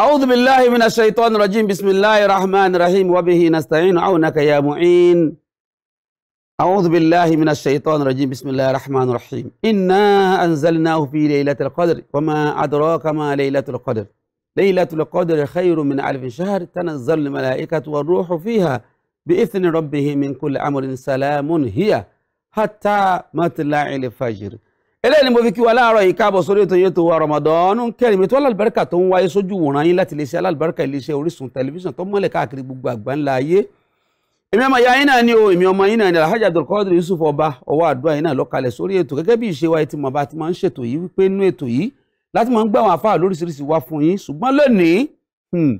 أعوذ بالله من الشيطان الرجيم بسم الله الرحمن الرحيم وبه نستعين عونك يا معين أعوذ بالله من الشيطان الرجيم بسم الله الرحمن الرحيم إنا أنزلناه في ليلة القدر وما أدراك ما ليلة القدر ليلة القدر خير من ألف شهر تنزل الملائكة والروح فيها بإذن ربه من كل أمر سلام هي حتى مطلع الفجر eléyìí ni mo fi kí wa láàárọ̀ yìí káàbọ̀ sórí ètò yìí tó wa Ramadan Kareem ètò alálùbáríkà tó ń wáyé sójú wòran yín láti iléeṣẹ́ alálùbáríkà iléeṣẹ́ Orísun tẹlifíṣàn tó mọ́lẹ̀ káàkiri gbogbo àgbáńlá ayé èmi ọmọ ìyá yín náà ni o èmi ọmọ yín náà ni Alhaji Abdulkadir Yusuf Ọba ọwọ́ àdúrà yín náà lọ́kalẹ̀ sórí ètò gẹ́gẹ́ bí ìṣe wa ti mọ̀ bá ti máa ń ṣètò yìí wípé inú ètò yìí láti máa ń gbà wọn àfáà lóríṣiríṣi wá fún yín ṣùgbọ́n lónìí hmm,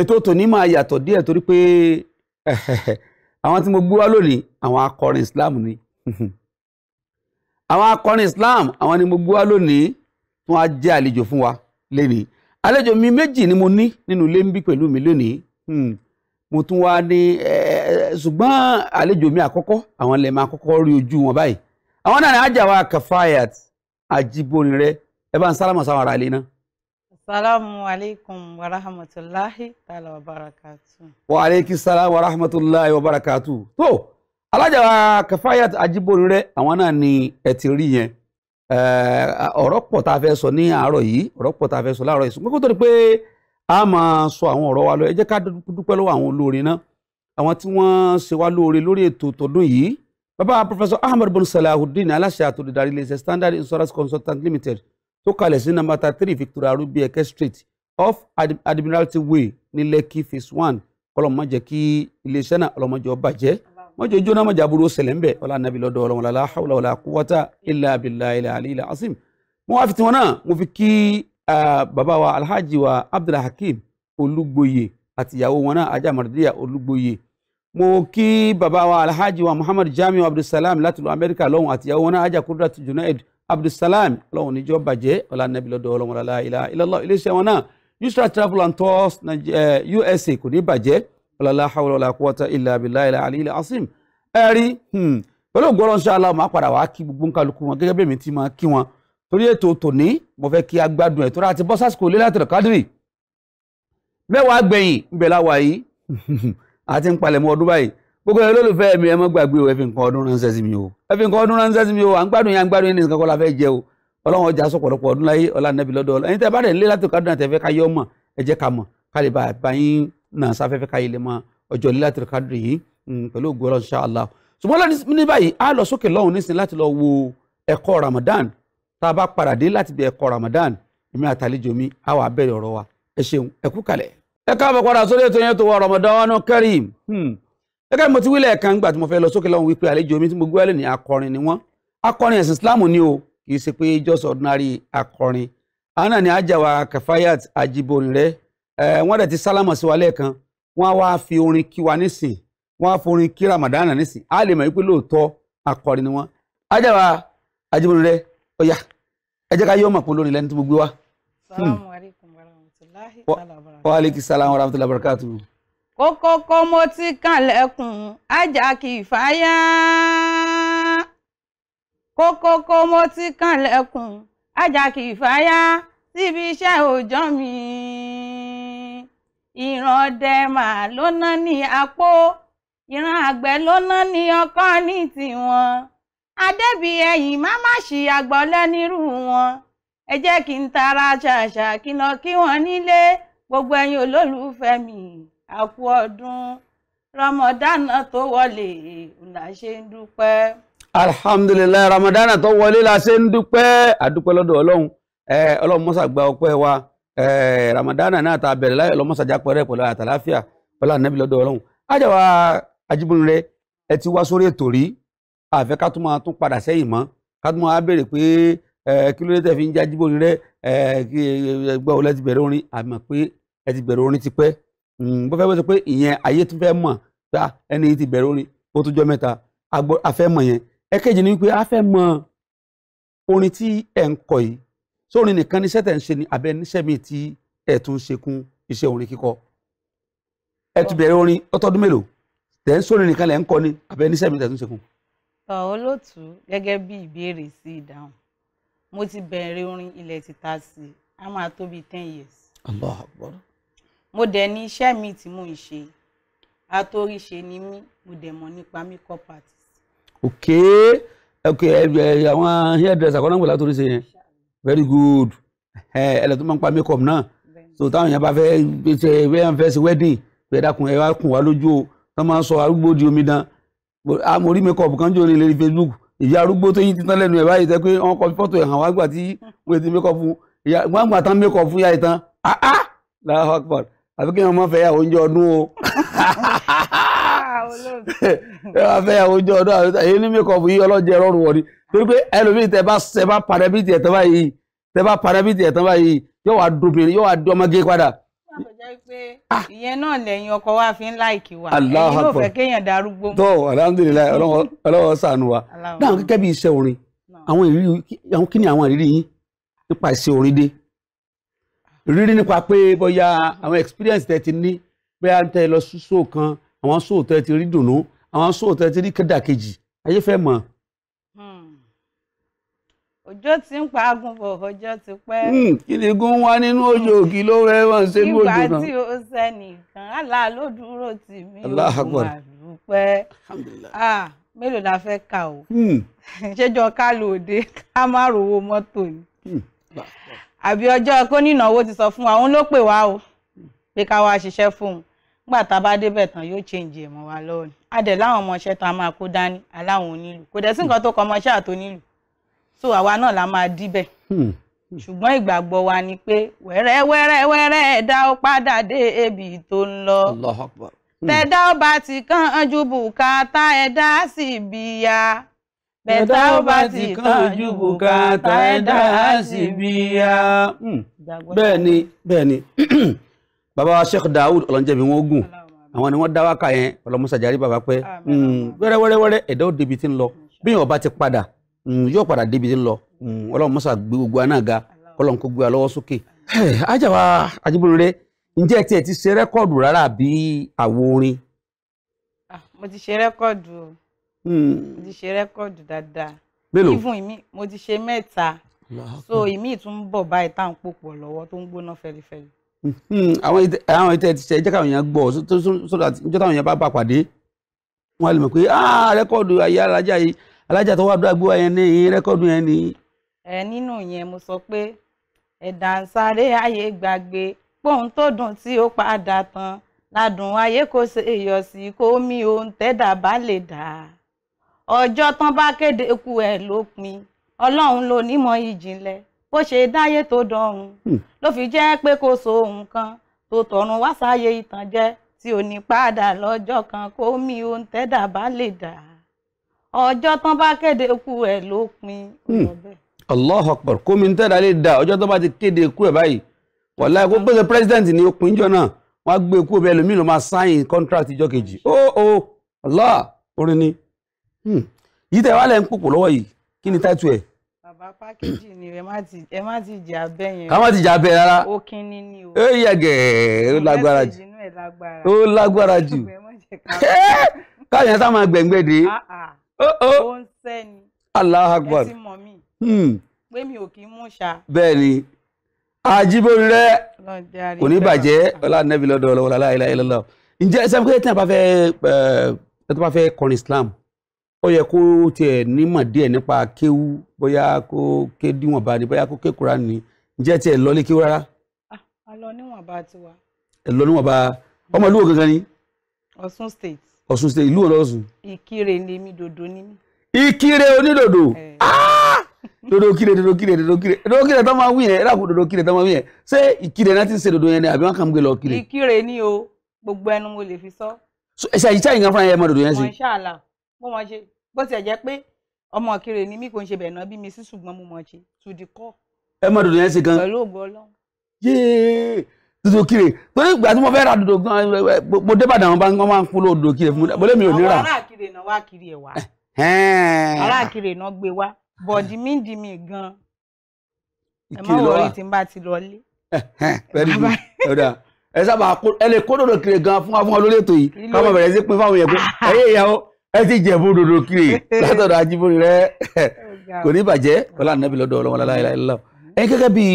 ètò tòní máa yàtọ̀ díẹ̀ torí pé àwọn tí mo gbé wá lónìí àwọn akọrin Islam ni àwọn akọrin Islam àwọn ni mo gbé wá lónìí tí wọ́n á jẹ́ àlejò fún wa lénìí àlejò mi méjì ni mo ní nínú ilé ń bí pẹ̀lú mi lónìí hmm. mo tún wá ní ṣùgbọ́n àlejò mi àkọ́kọ́ àwọn lè máa kọ́kọ́ rí ojú wọn báyìí àwọn náà ní ajáwa Kafayat Ajíbórinrẹ́ ẹ bá ń sálámà sáwọn ará ilé náà. Salamu wa rahmatullahi ta'ala wa barakatu. Wa alaikis salam wa rahmatullahi wa barakatu. To, alájà Kefayat Ajíbọ̀rẹ̀ àwọn náà ni ẹ ti rí yẹn ọ̀rọ̀ pọ̀ tá a fẹ́ sọ ní àárọ̀ yìí ọ̀rọ̀ pọ̀ tá a fẹ́ sọ láàárọ̀ yìí kókó tó di pé a máa sọ àwọn ọ̀rọ̀ wa lọ ẹ jẹ́ ká dúpẹ́ lọ́wọ́ àwọn olórin náà àwọn tí wọ́n ṣe wá lóore lórí ètò tọdún yìí bàbá Professor Ahmed bin Salahuddin aláṣẹ àtòdìdarí iléeṣẹ́ Standard Insurance Consultant Limited tó kalẹ̀ sí Number three Victoria Rubieke Street off Admiralty Way ní Lekki phase one kọlọ́mọ jẹ́ kí iléeṣẹ́ náà ọlọ́mọ jẹ́ ó bàjẹ́ mọ́jọ jóná mọ́jà burú ṣẹlẹ̀ ń bẹ̀ ọlá nàbí lọ́dọ̀ ọlọ́run la hawla wala quwwata illa billahi al-ali al-azim mo wá fi tiwọn náà mo fi kí bàbá wa alhaji wa abdulhakeem olúgbòye àtìyàwó wọn náà ajá mardiya olúgbòye mo kí bàbá wa alhaji wa muhammad jamiu abdulsalam láti lu amẹ́ríkà lọ́hùn àtìyàwó wọn náà ajá kudrat junaid abdulsalam lọ́hùn níjọ́ bàjẹ́ ọlá nàbí lọ́dọ̀ ọlọ́run la ilaha illallah iléeṣẹ́ wọn náà Yusra Travel and Tours USA kò ní bàjẹ́ ọlọ́lá hawla wala quwwata illa billahi al-aliyyil azim ẹ rí hmm, pẹ̀lú ògbọ́rọ̀ ṣe aláwọ̀ máa a wá kí gbogbo nkálukú ti máa kí torí ètò tòní mo kí agbádùn àti àti la náà sáfẹ́fẹ́ káyé lè mọ ọjọ́ Lailatul Qadri yìí mm, pẹ̀lú ògo Ọlọ́run insha Allah ṣùgbọ́n lọ́ni ní báyìí a lọ sókè lọ́hùn nísìnyí láti lọ wo ẹ̀kọ́ Ramadan tá a bá padà dé láti bí ẹ̀kọ́ Ramadan èmi àtàlejò mi a wà bẹ̀rẹ̀ ọ̀rọ̀ wa ẹ ṣeun ẹ kú kalẹ̀. ẹ káàbọ̀ padà sórí ètò yẹn tó wọ Ramadan Kareem hmm. gẹ́gẹ́ mo ti wílẹ̀ kan gbà tí mo fẹ́ lọ sókè lọ́hùn wípé àlejò mi tí mo gbé ní akọrin ni wọ́n akọrin ẹ̀sìn Islam ni o kì í ṣe pé just ordinary akọrin àná ni ajáwa Kafayat Ajiborinre wọ́n dẹ̀ ti sálámà sí wa lẹ́ẹ̀kan wọ́n á wá fi orin kí wa nísìn wọ́n á fi orin kí Ramadan nísìn á lè mọ̀ wípé lóòótọ́ akọrin ni wọ́n. ajáwa ajibonire ọ̀yà ẹ jẹ́ ká yọ ọmọ pọ̀ lónìí lẹ́ni tó gbogbo wa. salamu alaykum wa rahmatulahi wa barakatuh. wa aleykum salaam wa rahmatulahi wa barakatuh kókókó mo ti kànlẹ̀kùn ajá kì í fáyà kókókó mo ti kànlẹ̀kùn ajá kì í fáyà síbi iṣẹ́ òòjọ́ mi. ìran ọdẹ màá ló ná ní apó ìran àgbẹ̀ ló ná ní ọkọ́ ní tiwọn adébíyẹyìn má má ṣì àgbọ̀ lẹ́nirú wọn ẹ jẹ́ kí n tara ṣàṣà kìlọ̀ kí wọ́n nílé gbogbo ẹ̀yin olólùfẹ́ mi àkú ọdún rọmọdánà tó wọlé la ṣe ń dúpẹ́. alhamdulilayi rọmọdánà tó wọlé la ṣe ń dúpẹ́ àdúpẹ́ lọ́dọ̀ ọlọ́run ọlọ́run mọ́sàgbà ọpẹ́ wa. Eh, ramadana náà ta bẹ̀rẹ̀ láyọ̀ lọ́mọ́sàjà pẹ̀rẹ́ pẹ̀lú àtàláfíà pẹ̀lú ànábì lọ́dọ̀ ọlọ́run ájàwá ajíbọnrẹ ẹ ti wá sórí ètò rí àfẹ́ ká tún máa tún padà sẹ́yìn mọ́ ká tún máa béèrè pé eh, kí ló dé tẹ̀ fi ń jẹ́ ajíbọnrẹ eh, gbọ́ ọ lẹ́ ti bẹ̀rẹ̀ orin àmọ́ pé ẹ ti bẹ̀rẹ̀ orin tipẹ́ bó hmm, fẹ́ bó ṣe pé ìyẹn ayé tún fẹ́ mọ̀ pé ah, ẹni yìí ti bẹ̀rẹ̀ orin ó tún jọ mẹ́ta afẹ́ mọ̀ yẹn ẹ̀kejì ni wípé afẹ́ mọ̀ orin tí ẹ̀ ń kọ yìí ṣé orin nìkan ni iṣẹ́ tẹ̀ ń ṣe ni àbẹ́ níṣẹ́ mi tí ẹ̀ tún ṣe kún iṣẹ́ orin kíkọ ẹ ti bẹ̀rẹ̀ orin ọtọ́dún mélòó tẹ̀ ń sórin nìkan lẹ̀ ń kọ ni àbẹ́ níṣẹ́ mi tẹ̀ ṣe kún. olóòtú gẹ́gẹ́ bí ìbéèrè sí ìdáhùn mo ti bẹ̀rẹ̀ orin ilẹ̀ títà sí a máa tó ten years. Allah akbar. mo dẹ̀ ní iṣẹ́ mi tí mò ń ṣe atóríṣe ni mí mo dẹ̀ mọ̀ nípa makeup artist. ok ok àwọn hairdresser kọ́ náà ń wò látóríṣe yẹn very good ẹlẹ tó máa ń pa makeup náà so táwọn èèyàn bá fẹ́ ṣe wẹ́n fẹ́ ṣe wedding pé dákun ẹ wá kùn wá lójú o wọ́n máa ń sọ arúgbó di omi dán àmọ́ orí makeup kan jò ní lórí facebook ìyá arúgbó tó yí títán lẹ́nu ẹ̀ báyìí tẹ́ pé wọ́n kọ fọ́tò ẹ̀ hàn wá gbà tí wọ́n ti makeup fún ìyá gbàgbà tán makeup fún ìyá ìtàn ah ah láhọ́ akpọ̀t àfi kí wọn máa fẹ́ yàwó oúnjẹ ọdún o ẹ wá fẹ́ yàwó oúnjẹ ọdún àwọn èyí ní makeup yí ọlọ́jẹ rọrùn wọ̀ torí pé ẹlòmíì tẹ bá tẹ bá padà bí tiẹ̀ tán báyìí tẹ bá padà bí tiẹ̀ tán báyìí yóò wá dobìnrin yóò wá di ọmọge padà. ìyẹn náà lẹ́yìn ọkọ wa fi ń láìkì wa ẹ̀yin ló fẹ́ kéèyàn darúgbó. tó alhamdulilayi ọlọ́wọ́ sànù wa dáhùn gẹ́gẹ́ bí iṣẹ́ orin àwọn ìrírí àwọn kí ni nípa pé bóyá àwọn experience tẹ ti ní bóyá ń tẹ lọ sóò kan àwọn sóò tẹ ti rí dùnú àwọn sóò tẹ ti rí kẹ́dà ayé fẹ́ mọ̀ òjò ti ń pa agúnfò òjò ti pẹ́. Hmm, kìnìún wá nínú òjò kí ló rẹ wọn ṣe gbòjò náà. ìgbà tí ó sẹ́nìkan àlá ló dúró tì mí òkun àdúpẹ́ ah, mélòó la fẹ́ kà o hmm. ṣéjọ ká lò dé ká má rówó mọ́tò ni hmm. àbí ọjọ́ kónínáwó ti sọ fún wa òun ló pè wá o pé ká wá ṣiṣẹ́ fóun nígbà tá a bá débẹ̀ tán yóò change ẹ̀ mọ́ wa lọ́wọ́ ni adẹ̀ láwọn ọmọọṣẹ́ tá a máa kó dání aláwọn onílù kò dẹ̀ sí nǹkan tó kọ ọmọọṣẹ́ àtònílù so àwa náà la máa díbẹ̀ hmm. ṣùgbọ́n ìgbàgbọ́ wa ni pé wẹ́rẹ́ wẹ́rẹ́ wẹ́rẹ́ ẹ̀dá ó padà dé ebi tó ń lọ tẹ̀dá hmm. ó bá ti kán ju bùkátà ẹ̀dá sì bíya bẹ̀tà ó bá ti kán ju bùkátà ẹ̀dá sì bíya. Hmm. bẹ́ẹ̀ ni bẹ́ẹ̀ ni bàbá wa Sheikh Daoud ọlọ́njẹ́bi wọn gùn àwọn ni wọ́n dá wákà yẹn ọlọ́mọsàjárí bàbá pé wẹ́rẹ́ wẹ́rẹ́ wẹ́rẹ́ ẹ̀dá ó débi tí ń lọ bí yẹn ọba ti padà Mm, yóò padà débi tí ń lọ mm, ọlọ́run mọ́sà gbé gbogbo aná ga kọ́lọ́n kó gbé wa lọ́wọ́ sókè. ajáwa ajíbólúre ǹjẹ́ tiẹ̀ ti ṣe rẹ́kọ̀dù rárá àbí àwo orin. Ah, mo ti ṣe rẹ́kọ̀dù mm. mo ti ṣe rẹ́kọ̀dù dáadáa. even ìmí mo ti ṣe mẹ́ta so ìmí tún bọ̀ báyìí tá à ń pòpọ̀ lọ́wọ́ tó ń gbóná fẹlifẹli. Mm-hmm. àwọn ètò ti ṣe jẹ́ káwọn èèyàn gbọ́ so that níjọ́ táwọn èèyàn bá bá pàdé wọ́n á lè mọ̀ pé ah, rẹ́kọ̀dù ayé alájà yìí alájà tó wà dàgbò yẹn ní ìyìn rẹ́kọ́dù yẹn nìyí. ẹ nínú yẹn mo sọ pé ẹ̀dà ń sáré ayé gbàgbé pòun tó dùn tí ó padà tán ládùn ayé kò ṣe èyọ̀ sí kó mi òun tẹ́dà bá lè dà ọjọ́ tán bá kéde ikú ẹ̀ lópin ọlọ́run ló nímọ̀ ìjìnlẹ̀ bó ṣe dáyé tó dọ̀run hmm. ló fi jẹ́ pé kò sóhun kan tó tọ̀run wá sáyé ìtànjẹ tí ò ní padà lọ́jọ́ kan kó mi òun tẹ́dà bá lè dà á ọjọ́ tán bá kéde ikú ẹ̀ ló pin hmm. ọ̀rọ̀ bẹ́ẹ̀. Allahu Akbar kómi ń tẹ̀lé da ọjọ́ tán bá ti kéde ikú ẹ̀ báyìí wàlá ẹ̀ gbogbo ṣe president ni ó pin jọ náà wọ́n á gbé ikú ẹ̀ lómi ló máa sign contract ìjọ kejì ó ó Allah orin ni hmm. yìí tẹ̀ wá lẹ́ ń pòpò lọ́wọ́ yìí kí ni táìtù ẹ̀. bàbá pákéjì ni ẹ má ti jẹ abẹ́ yẹn. ká má ti jẹ abẹ́ rárá. ó o. ó yẹgẹ̀ẹ́ ó lágbára jù ó káyọ̀ sá máa gbẹ̀ngbẹ̀ dé. Ah, ah. Oh, oh. ó ń ni, Allah akbar mọ̀ hmm. mi o k'i kò ní bàjẹ́ ọlànàbí lọ́dọ̀ ọlọ́wọ́lá láìláì ǹjẹ́ sẹ́fún kí ẹ tó bá fẹ́ kọrin Islam ó yẹ kó tiẹ̀ nímọ̀ díẹ̀ nípa kéwú bóyá kó ké díwọ̀nba ni bóyá kó ké Kùránì ni ǹjẹ́ rárá. Ah, a lọ gangan ni. Ọ̀ṣun state ìlú ọlọ́sùn. ìkirè ni mi dòdò ní mi. ìkirè onídòdò ah! dodo kire dodo kire dodo kire dodo kire tó máa wí yẹn ẹlẹ́kùn dodo kire tó máa wí yẹn ṣé ìkirè náà ti ń ṣe dodo yẹn ni àbí wọn kàn ń gbé lọ kire. ìkirè ni o gbogbo ẹnu mo lè fi sọ. ẹsẹ àyíká yìí kan fúnra yẹn mọ dodo yẹn ṣe. mọ̀ọ́ṣá àlà mo mọ̀ ṣe bó ti ẹ̀ jẹ́ pé ọmọ ìkirè ni mí kò ń ṣe bẹ̀ẹ̀ náà bí mi sí ṣùgbọ́n mo mọ̀ ṣe to the core. ẹ mọ dodo yẹn ṣe gan. pẹ̀lú ògbó ọlọ́run. yéé dodo kire torí ìgbà tí mo fẹ́ ra dodo gan mo débàdàn wọn bá ń máa ń kú lóò dodo kire fún mi bọ́lẹ́ mi ò ní ra. àwọn ará kiri náà wá kiri ẹ̀ wá ará kiri náà gbé wá bọ̀dì mí dì mí gan ẹ má wọrí tí n bá ti lọlé. ẹ sábà ẹ lè kó dodo kire gan fún wa fún wa lórí ètò yìí ká má bẹ̀rẹ̀ sí pín fáwọn yẹn pé ẹyẹ ìyàwó ẹ ti jẹ̀bú dodo kire látọ̀dọ̀ ajíbó rẹ kò ní bàjẹ́ ọlá nàbí lọ́dọ̀ ọlọ́wọ́n láláyé láláyé láláyé ẹ gẹ́gẹ́ bí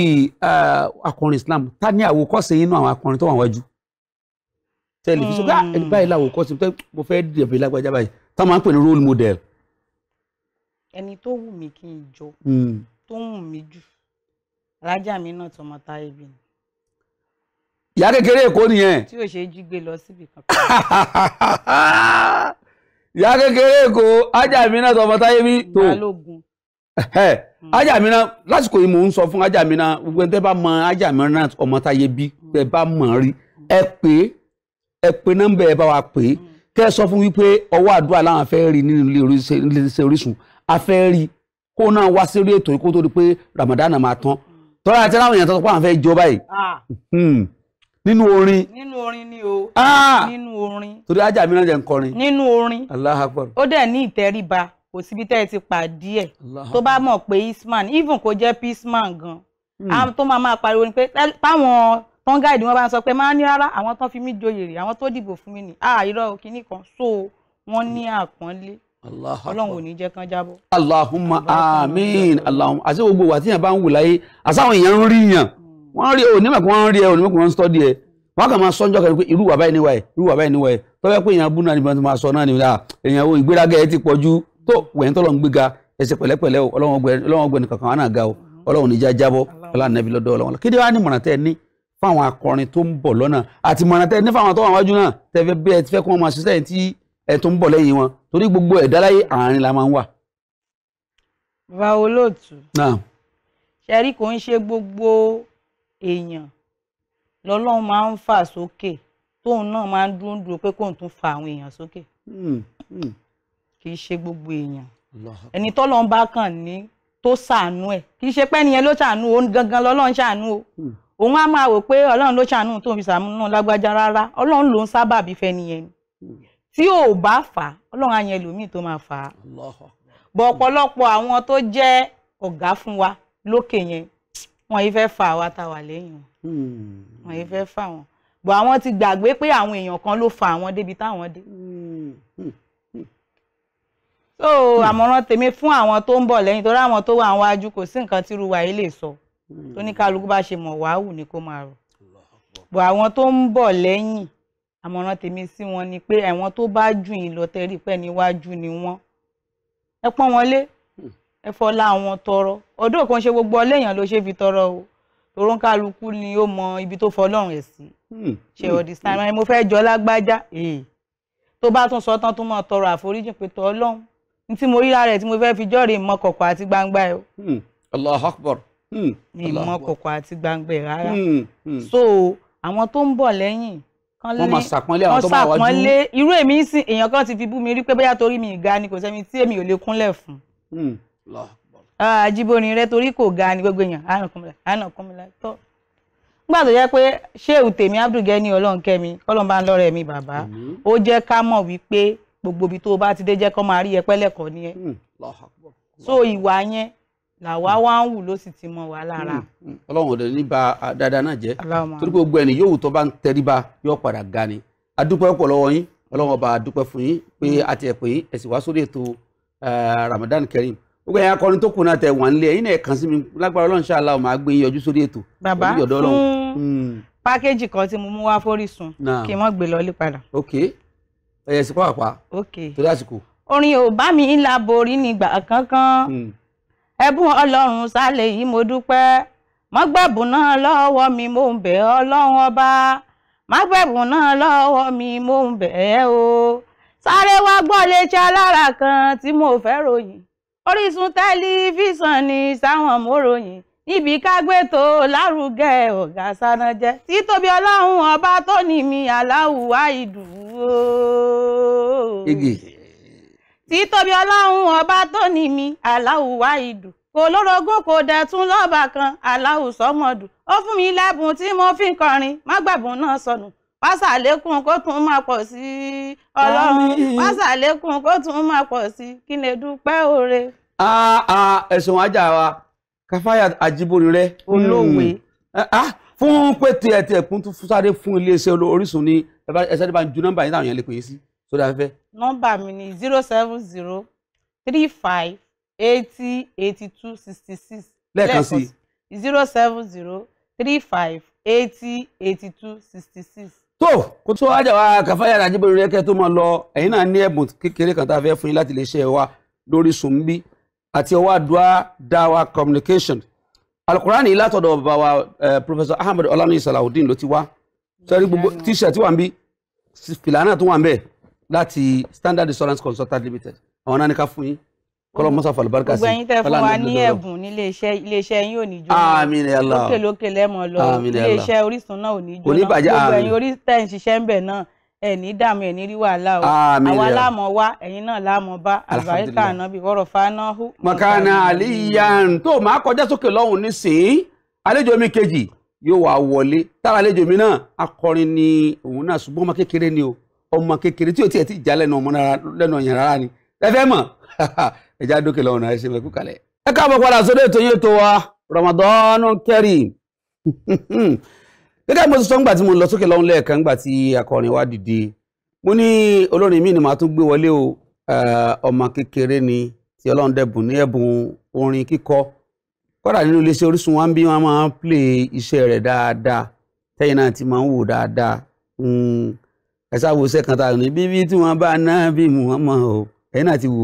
akọrin Islam ta ni àwòkọ́ṣe inú àwọn akọrin tó wà wájú tẹlifíṣàn gbá ah, ẹni báyìí láwòkọ́ṣe mo fẹ́ dẹ̀bi lágbájá báyìí tá máa ń pè ní role model. ẹni tó wù mí kí n jọ hmm. tó wù mí jù alájà mi náà tọmọ táyé bí ni ìyá kékeré èkó nìyẹn. tí ò ṣe jí gbé lọ síbi kankan. ìyá kékeré èkó ajá mi náà tọmọ táyé mi tó. balógun Hmm. ajámínà lásìkò yìí mò ń sọ fún ajámínà gbogbo ẹni tẹ́ bá mọ ajámínà ọmọ táyé bí hmm. tẹ́ bá mọ̀ rí ẹ pé ẹ pé nọ́mbà ẹ bá wa pè é hmm. ẹ sọ fún wípé ọwọ́ àdúrà làwọn afẹ́ rí nínú ilé Orísun afẹ́ rí kó náà wá sórí ètò yìí tó di pé Ramadan máa tán tọ́lá àti èèyàn tó fẹ́ nínú orin orin ni o orin torí orin ó dẹ̀ ní ìtẹríba kò síbi tẹ́ ẹ ti pàdé ẹ̀ tó bá mọ̀ pé isman even kò jẹ́ pisman gan hmm. àwọn tó máa máa pariwo ni pé táwọn tó ń gáàdì wọn bá ń sọ pé máa ní rárá àwọn tó fi mí joyè rè àwọn tó dìbò fún mi ni àìrọ kìíní kan so wọn ní àpọ́nlé ọlọ́run ò ní jẹ́ kán jábọ́. Allahumma amiin Allahumma àti gbogbo wa tíyàn bá ń wù láyé àsáwọn èèyàn ń rí yàn hmm. wọ́n rí onímọ̀ kí wọ́n rí ẹ onímọ̀ kí wọ́n ń sọ́dí ẹ wọ́n kàn máa sọ́njọ́ kan pé irú wà báyìí níwáyé irú wà báyìí níwáyé tọ́wẹ́ pé èèyàn bú náà níbi wọn ti máa sọ náà níbi ah, èèyàn ìgbéraga ẹ ti pọ̀ ju tó wẹ̀yìn tọ́lọ́ ń gbéga ẹsẹ̀ pẹ̀lẹ́pẹ̀lẹ́ o ọlọ́run ọgbẹ́ni kankan náà ga o ọlọ́run níjà jábọ́ ọlọ́run nẹ́bí lọ́dọ̀ ọlọ́run kí ni wàá ní mọ̀ràn tẹ́ ní fáwọn akọrin tó ń bọ̀ lọ́nà àti mọ̀ràn tẹ́ ní fáwọn tó wà wájú náà tẹ́ fẹ́ bí ẹ ti fẹ́ kó wọn máa ṣiṣẹ́ tí ẹ tó ń bọ̀ lẹ́yìn wọn torí gbogbo ẹ̀dá láyé àárín la máa ń wà. bàbá olóòtú ṣẹ̀rí kò ń ṣe gbogbo èèyàn lọ́lọ́run máa ń fà sókè tóun náà máa ń dúró dúró pé kóun tún fa àwọn èèyàn sókè. Hmm, hmm kì í ṣe gbogbo èèyàn ẹni tọ́lọ́ ń bá kàn ní tó ṣàánú ẹ̀ kì í ṣe pé ẹnìyẹn ló ṣàánú òun gangan lọ́lọ́run ṣàánú o hmm. òun á máa wò pé ọlọ́run ló ṣàánú tó ń fi ṣàánú lágbájá rárá ọlọ́run ló ń sábàbí fẹ́niyẹn ni hmm. tí ò bá fà á ọlọ́run á yẹn ẹlòmíì tó máa fà á bọ̀ ọ̀pọ̀lọpọ̀ àwọn tó jẹ́ ọ̀gá fún wa lókè yẹn wọn yìí fẹ́ fà wá tá wà lẹ́yìn wọn hmm. yìí fẹ́ fà wọn bọ̀ àwọn ti gbàgbé pé àwọn èèyàn kan ló fà àwọn débi táwọn dé so àmọ̀ràn tèmi fún àwọn tó ń bọ̀ lẹ́yìn torí àwọn tó wà ń wájú kò sí nǹkan tí irúwa yìí lè sọ hmm. tó ní kálukú bá ṣe mọ̀ wá wù ní kó máa rò bọ̀ àwọn tó ń bọ̀ lẹ́yìn àmọ̀ràn tèmi sí wọn ni pé àwọn tó bá jù yín lọ tẹ́rí pẹ́ níwájú ni wọ́n ẹ pọ́n wọn lé hmm. ẹ fọlá wọn tọrọ ọdún kan ṣe gbogbo ọlẹ́yìn ló ṣe fi tọrọ o toró kálukú ni ó mọ ibi tó fọlọ́run ẹ̀ sí ṣe ọ̀dì sinimá mo fẹ́ jọ lágbájá tó bá tún sọ tán tó mọ̀ tọrọ àforíjì pé tọ́ ọlọ́run n tí mo rí lára ẹ̀ tí mo fẹ́ fi jọ́ọ̀rì ìmọ̀ kọ̀kọ̀ àti gbangba ẹ̀ o. Hmm. Allahu Akbar. Hmm. ìmọ̀ kọ̀kọ̀ àti gbangba ẹ̀ rárá. Hmm. so àwọn tó ń bọ̀ lẹ́yìn kan lé wọ́n ṣàpọ́nlé àwọn tó máa wájú. wọ́n ṣàpọ́nlé irú èmi ń sìn èèyàn kan ti fi bú mi rí pé bóyá torí mi ìga ni kò sẹ́mi tí èmi ò lè kúnlẹ̀ fún. Àjíbórin rẹ torí kò ga ni gbogbo èèyàn ànàkúnmílá tọ́ nígbà tó jẹ́ pé ṣé èwù tèmi Abdulgani Ọlọ́run kẹ́mi Ọlọ́run bá ń lọ́rọ̀ ẹ̀mí bàbá ó jẹ́ ká mọ̀ wípé gbogbo ibi tó o bá ti dé jẹ́ kó máa rí ẹpẹ́ lẹ́kọ̀ọ́ ni ẹ hmm, so ìwà yẹn làwa hmm. wá ń wù ló sì ti mọ wa lára. Hmm, ọlọ́run ọ̀dọ̀ ní ba dáadáa náà jẹ́ torí pé gbogbo ẹni yóò tó bá ń tẹríba yóò padà ga ni adúpẹ́ pọ̀ yín ọlọ́run ọba adúpẹ́ fún yín pé àti ẹ̀ pé ẹ sì wá sórí ètò Ramadan Kareem gbogbo ẹ̀yin akọrin tó kù náà tẹ̀ wọ́n lé ẹ̀yin náà kàn sí mi lágbára ọlọ́run ṣáàlà ọ̀ máa gbé yín yọjú sórí ètò bàbá fún pákéjì kan tí mo mú wá fórísun kí n mọ̀ gbé lọ lé padà. okay ẹyẹ sí pàápà torí àsìkò. orin ò bá mi ńlá borí nígbà kankan hmm. ẹbùn ọlọ́run sálẹ̀ yìí mo dúpẹ́ mọ́gbẹ̀bùn náà lọ́wọ́ mi mo ń bẹ̀ ọlọ́run ọba mọ́gbẹ̀bùn náà lọ́wọ́ mi mo ń bẹ̀ ẹ́ o sáré wá gbọ́ létí alára kan tí mo fẹ́ ròyìn Orísun tẹlifíṣàn ni sáwọn mo ròyìn ibi kágbétò lárugẹ ọ̀gá sanajẹ títóbi ọlọ́run ọba tó ní mi aláwùwá ìdúró. igi. títóbi ọlọ́run ọba tó ní mi aláwùwá ìdù kò lórogún kò dẹ̀ tún lọ́ọ̀bà kan aláwù sọ́mọ̀dù ó fún mi lẹ́bùn tí mo fi ń kọrin mágbàbùn náà sọnù wásàlékún kó tún máa pọ̀ sí i ọlọ́run wásàlékún kó tún máa pọ̀ sí i kí lè dúpẹ́ oore. Ah, ah, ẹ̀sùn ajá wa Kafaya Ajíbórirẹ́. olóòwe. Hmm. Ah, ah, fún Ah, ẹtì ẹkún tó sáré fún iléeṣẹ́ Orísun ní ẹsẹ tí bá ń ju nọ́mbà yín táwọn yẹn ni zero seven zero three five eighty eighty two sixty six. lẹ́ẹ̀kan sí i. zero seven zero three five eighty eighty two sixty six. tó kó tó wájà wá Káfáyà Ajíbórirẹ́ kẹ́ tó máa lọ ẹ̀yin náà ní ẹ̀bùn kékeré kan tá a fẹ́ fún yín láti iléeṣẹ́ wa lórí sùn bí àti ọwọ́ àdúrà dáwà communication alukur'an yìí látọ̀dọ̀ bàbá wa eh, professor ahmed ọlánìyí salawudeen ló ti wá sọrí gbogbo t-shirt wà ń bí filana tó wà ń bẹ̀ láti standard insurance consultant limited àwọn náà ní ká fún yín kọlọ mọsà falibarika sí gbẹ̀yìn tẹ́ fún wa ní ẹ̀bùn ní iléeṣẹ́ iléeṣẹ́ yín ò ní jóná lókè lókè lẹ́mọ̀ lọ iléeṣẹ́ Orísun náà ò ní jóná gbogbo ẹ̀yin orí tẹ̀ ń ṣiṣẹ́ ń bẹ̀ náà ẹni dààmú ẹni rí wàhálà o àwa láàmọ wá ẹ̀yin náà láàmọ bá àlùbáríkà ànábì wọrọ fanáhù. makana aliyan tó máa kọjá sókè lọ́hùn nísìnyí àlejò mi kejì yóò wá wọlé tára àlejò mi náà akọrin ni òun náà ṣùgbọ́n ọmọ kékeré ni o ọmọ kékeré tí o tiẹ̀ ti já lẹ́nu ọmọ lẹ́nu ọ̀yàn rárá ni lẹ́fẹ̀ẹ́ mọ̀ ẹja dókè lọ́hùn náà ẹ ṣe mẹ́kú kalẹ̀. ẹ káàbọ̀ padà sórí ètò yìí tó wa Ramadan Kareem gẹ́gẹ́ bí mo ti sọ ńgbà tí mo lọ sókè lọ́hún lẹ́ẹ̀kan ńgbà tí akọrin wa dìde mo ní olórin mi ni màá tún gbé wọlé o ọmọ kékeré ni tí ọlọ́run dẹ̀bùn ní ẹ̀bùn orin kíkọ kọ́dà nínú iléeṣẹ́ Orísun wa ń bí wọn máa ń play iṣẹ́ rẹ̀ dáadáa tẹ́yìn náà ti máa ń wò dáadáa hmm, ẹ̀sà wo iṣẹ́ kan tá a ní bíbí tí wọ́n bá ná bí mu wọn mọ̀ o ẹ̀yìn náà ti wò